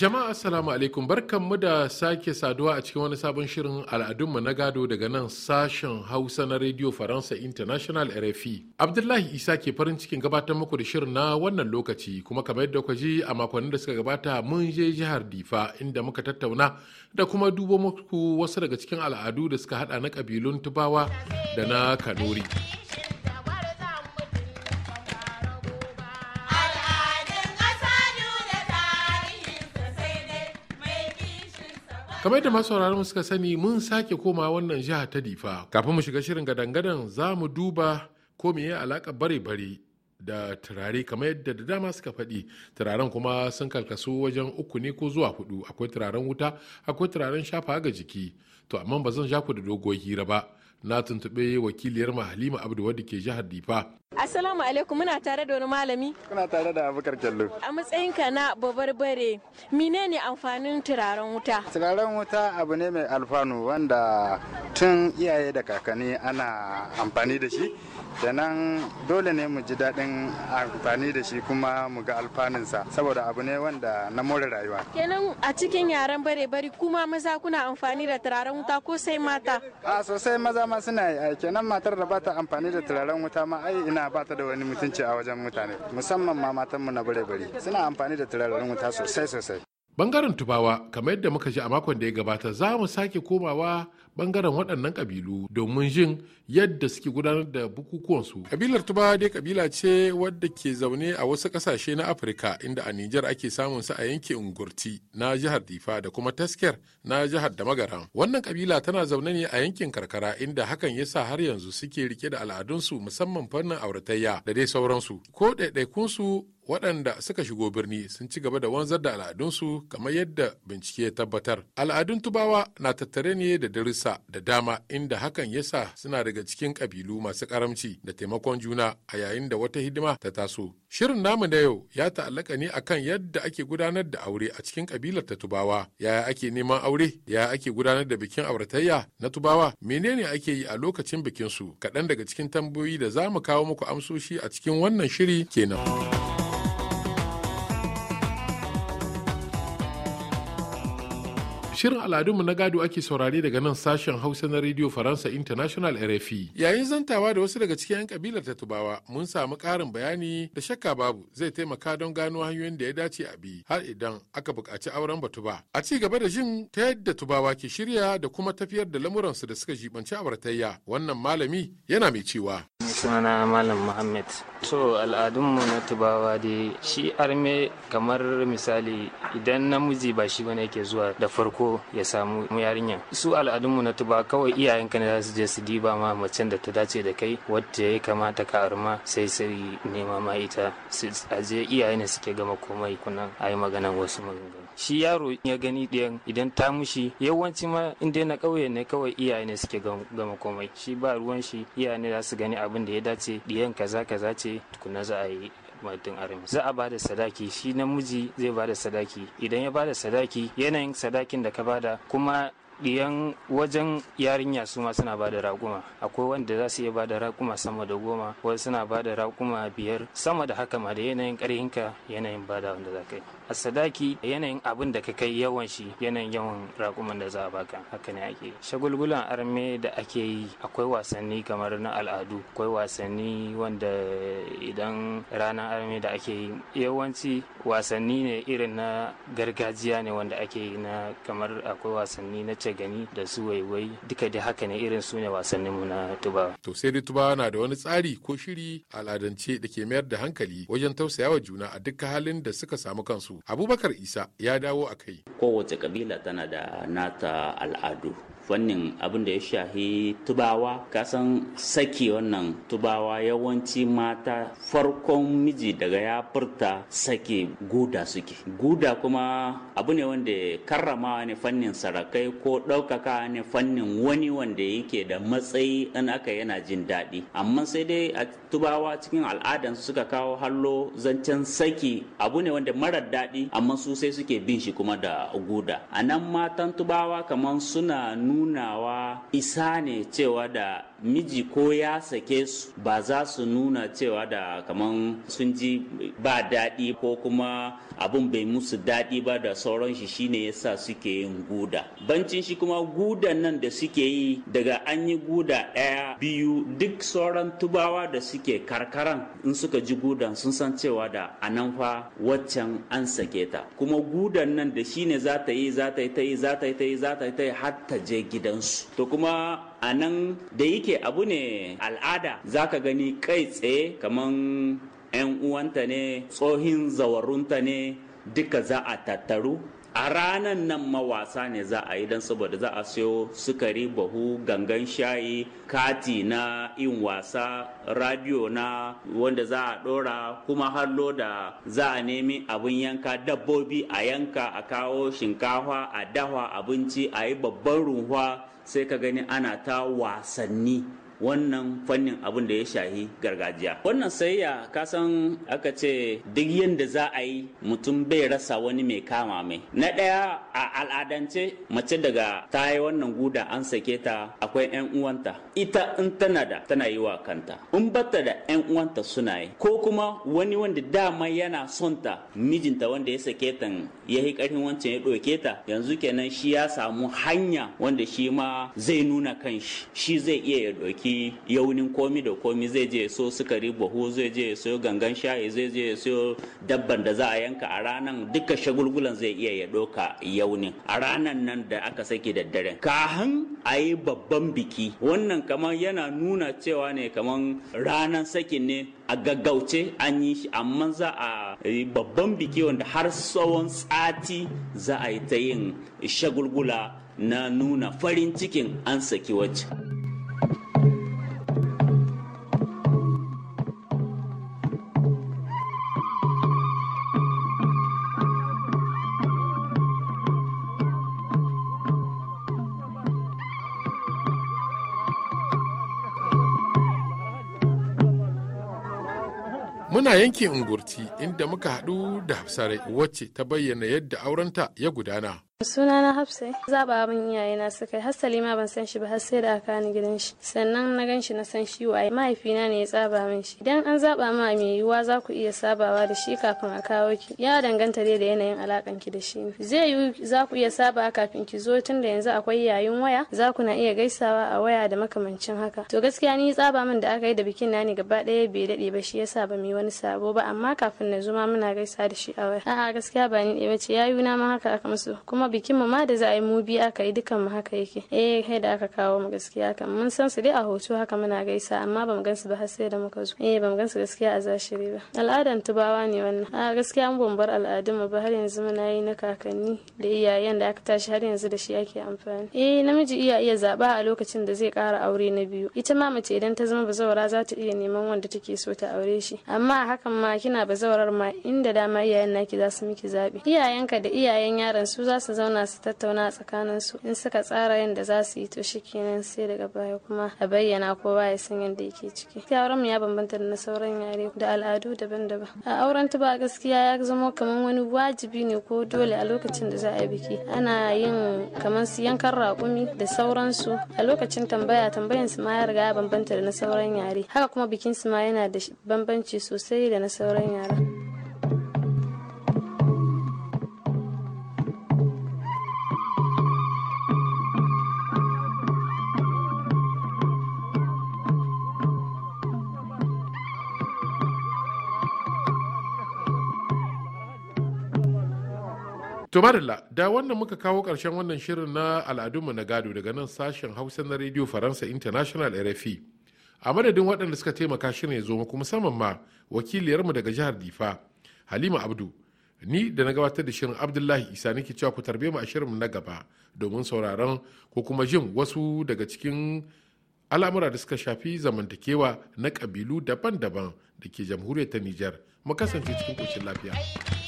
Jama'a assalamu alaikum mu da sake saduwa a cikin wani sabon shirin al'adunmu na gado daga nan sashen Hausa na Radio Faransa International RFI. Abdullahi Isa ke farin cikin gabatar muku da shirin na wannan lokaci kuma kamar yadda ku ji a makonnin da suka gabata mun je jihar Difa inda muka tattauna da kuma dubo muku wasu daga cikin al'adu da suka hada na kabilun Tubawa da na Kanuri. kamar yadda masu suka sani mun sake koma wannan jiha ta difa kafin mu shiga shirin gadangadan za mu duba ko me ya alaka bare-bare da turare kamar yadda da dama suka faɗi turaren kuma sun karkasu wajen uku ne ko zuwa hudu akwai turaren wuta akwai turaren shafa ga jiki to amma ba zan ja ku da doguwar hira ba na tuntuɓe wakiliyar Halima Abdu wadda ke jihar Difa. Assalamu alaikum muna tare da wani malami. Kuna tare da Abubakar Kyallo. A matsayinka na babarbare, menene amfanin turaren wuta? Turaren wuta abu ne mai alfanu wanda tun iyaye da kakanni ana amfani da shi da nan dole ne mu ji daɗin amfani da shi kuma mu ga alfanunsa saboda abu ne wanda na more rayuwa kenan a cikin yaren bare bari kuma maza kuna amfani da turaren wuta ko sai mata a sosai maza ma suna yi kenan matar da bata amfani da turaren wuta ma ai ina bata da wani mutunci a wajen mutane musamman ma matanmu na bare bari suna amfani da turaren wuta sosai sosai bangaren tubawa kamar yadda muka ji a makon da ya gabata za mu sake komawa bangaren waɗannan ƙabilu domin jin yadda suke gudanar da bukukuwansu. Kabilar Tuba dai kabila ce wadda ke zaune a wasu ƙasashe na Afirka inda a Nijar ake samun su a yanke Ungurti na jihar Difa da kuma Tasker na jihar magaran. Wannan kabila tana zaune ne a yankin karkara inda hakan ya sa har yanzu suke rike da al'adunsu musamman fannin auratayya da dai sauransu. Ko ɗaiɗaikunsu waɗanda suka shigo birni sun ci gaba da wanzar da al'adunsu kamar yadda bincike ya tabbatar. Al'adun Tubawa na tattare ne da darussa da dama inda hakan ya sa suna daga cikin ƙabilu masu ƙaramci da taimakon juna a yayin da wata hidima ta taso. Shirin namu na yau ya ta'allaka ne akan yadda ake gudanar da aure a cikin ƙabilar ta Tubawa, yaya ake neman aure, yaya ake gudanar da bikin auratayya na Tubawa, menene ake yi a lokacin bikinsu, kaɗan daga cikin tambayoyi da za mu kawo muku amsoshi a cikin wannan shiri kenan. Shirin al'adunmu na gado ake saurare daga nan sashen Hausa na Radio Faransa International RFI. Yayin zantawa da wasu daga cikin 'yan kabilar ta tubawa mun samu karin bayani da shakka babu zai taimaka don gano hanyoyin da ya dace a bi har idan aka buƙaci auren ba A ci gaba da jin ta yadda Tubawa ke shirya da kuma tafiyar da lamuransu da suka jibanci auratayya. Wannan malami yana mai cewa. sunana malam muhammad to al'adunmu na tubawa dai shi arme kamar misali idan namiji ba shi bane yake zuwa da farko ya samu yarinya su al'adunmu na tuba kawai iyayenka ne za su je su diba ma macen da ta dace da kai wacce ya kamata ka arma sai sai nema ma ita su aje iyaye ne suke gama komai kunan ayi maganan wasu maganganu shi yaro ya gani ɗayan idan ta mushi yawanci ma inda na ƙauye ne kawai iyaye ne suke gama komai shi ba ruwan shi iyaye ne za su gani abin da da ya dace ɗiyan kaza kaza ce tukuna za a yi mutum armi za a bada sadaki shi namiji zai bada sadaki idan ya bada sadaki yanayin sadakin da ka bada kuma ɗiyan wajen yarinya su ma suna bada raƙuma akwai wanda za su iya bada raƙuma sama da goma wasu suna bada raƙuma biyar sama da haka ma da yanayin ƙarhinka yanayin bada wanda za ka yi a sadaki yanayin abin da ka kai yawan shi yanayin yawan raƙuman da za a baka haka ne ake shagulgulan arme da ake yi akwai wasanni kamar na al'adu akwai wasanni wanda idan ranar arme da ake yi yawanci wasanni ne irin na gargajiya ne wanda ake yi na kamar akwai wasanni na cagani da su waiwai duka da haka ne irin su ne wasanni mu na tuba. to sai dai tubawa na da wani tsari ko shiri al'adance da ke mayar da hankali wajen tausayawa juna a duk halin da suka samu kansu abubakar isa ya dawo a kai kowace kabila tana da nata al'adu fannin abin da ya shahi tubawa kasan saki wannan tubawa yawanci mata farkon miji daga ya furta sake guda suke guda kuma abu ne wanda karramawa ne fannin sarakai ko ɗaukaka ne fannin wani wanda yake da matsayi in aka yana jin daɗi amma sai dai a tubawa cikin al'adansu suka kawo hallo zancen saki abu ne wanda marar daɗi amma su sai suke bin shi kuma da guda a nan matan tubawa kamar suna nuna nunawa isa ne cewa da miji ko ya sake su ba za su nuna cewa da kaman sun ji ba daɗi ko kuma abin bai musu daɗi ba da sauran shi shine ya sa suke yin guda bancin shi kuma gudan nan da suke yi daga an yi guda ɗaya biyu duk sauran tubawa da suke karkaran in suka ji gudan sun san cewa da anan fa waccan an sake ta kuma gudan nan da shine za ta yi za ta yi ta yi za ta yi ta yi za ta yi ta yi har ta je gidansu to kuma a nan da yake abu ne al'ada zaka gani kai tsaye kamar 'yan uwanta ne tsohin zawarunta ne duka za a tattaru a ranan nan mawasa ne za a yi don saboda za a siyo sukari bahu gangan shayi kati na yin wasa radio na wanda za a dora kuma har da za a nemi abin yanka dabbobi a yanka a kawo shinkafa a dawa abinci a yi babban ruhuwa sai ka gani ana ta wasanni wannan fannin abin da ya shahi gargajiya wannan sayayya kasan aka ce duk yadda za a yi mutum bai rasa wani mai kama mai na ɗaya a al'adance mace daga ta yi wannan guda an sake ta akwai 'yan uwanta ita in tana da tana yi wa kanta in bata da 'yan uwanta suna yi ko kuma wani wanda dama yana son ta mijinta wanda ya sake ta ya yi ƙarfin wancan ya ɗauke ta yanzu kenan shi ya samu hanya wanda shi ma zai nuna kanshi shi zai iya ya ɗauki ɗauki yaunin komi da komi zai je so sukari buhu zai je so gangan shayi zai je so dabban da za a yanka a ranan duka shagulgulan zai iya ya ɗauka yaunin a ranan nan da aka saki da daren kahan ayi babban biki wannan kamar yana nuna cewa ne kamar ranan sakin ne a gaggauce an yi shi amma za a yi babban biki wanda har tsawon sati za a yi ta yin shagulgula na nuna farin cikin an saki wacce. Muna yankin Ungurti inda muka haɗu da Hafsarai wacce ta bayyana yadda aurenta ya gudana. suna na hafsa zaba min iyaye na suka yi hasali ma ban san shi ba har sai da aka ni gidan shi sannan na gan shi na san shi waye mahaifina ne ya tsaba min shi idan an zaba ma mai yiwuwa za ku iya sabawa da shi kafin a kawo ki ya danganta dai da yanayin alakan ki da shi ne zai yiwu za ku iya saba kafin ki zo tun da yanzu akwai yayin waya za ku na iya gaisawa a waya da makamancin haka to gaskiya ni tsaba min da aka yi da bikin na ne gaba ɗaya bai daɗe ba shi yasa ba mu wani sabo ba amma kafin na zuma muna gaisa da shi a waya a'a gaskiya ba ni ɗaya ce yayuna ma haka aka musu kuma bikin mu ma da za a yi mu bi aka yi dukan mu haka yake eh kai da aka kawo mu gaskiya kan mun san su dai a hoto haka muna gaisa amma bamu gansu ba har sai da muka zo eh bamu gansu gaskiya a zashiri ba al'adan tubawa ne wannan a gaskiya mun bar al'adun mu ba har yanzu muna yi na kakanni da iyayen da aka tashi har yanzu da shi ake amfani eh namiji iya iya zaba a lokacin da zai kara aure na biyu ita ma mace idan ta zama bazawara za ta iya neman wanda take so ta aure shi amma hakan ma kina bazawarar ma inda dama iyayen naki za su miki zabi iyayenka da iyayen yaran su za su zauna su tattauna a tsakanin su in suka tsara yadda za su yi to shikenan sai daga baya kuma a bayyana kowa ya san yadda yake ciki auren mu ya bambanta da na sauran yare da al'adu daban-daban a auren ta tuba gaskiya ya zama kamar wani wajibi ne ko dole a lokacin da za a yi biki ana yin kamar su yankan raƙumi da sauransu a lokacin tambaya tambayan su ma ya riga ya bambanta da na sauran yare haka kuma bikin su ma yana da bambanci sosai da na sauran yare. To barilla, da wannan muka kawo ƙarshen wannan shirin na al'adunmu na gado daga nan sashen Hausa na Radio Faransa International RFI. A madadin waɗanda suka taimaka shirin ya zo kuma musamman ma wakiliyarmu daga jihar Difa, Halima Abdu. Ni da na gabatar da shirin Abdullahi Isa nake cewa ku tarbe mu a shirin na gaba domin sauraron ko kuma jin wasu daga cikin al'amura da suka shafi zamantakewa na kabilu daban-daban da ke jamhuriyar ta Nijar. Mu kasance cikin ƙoshin lafiya.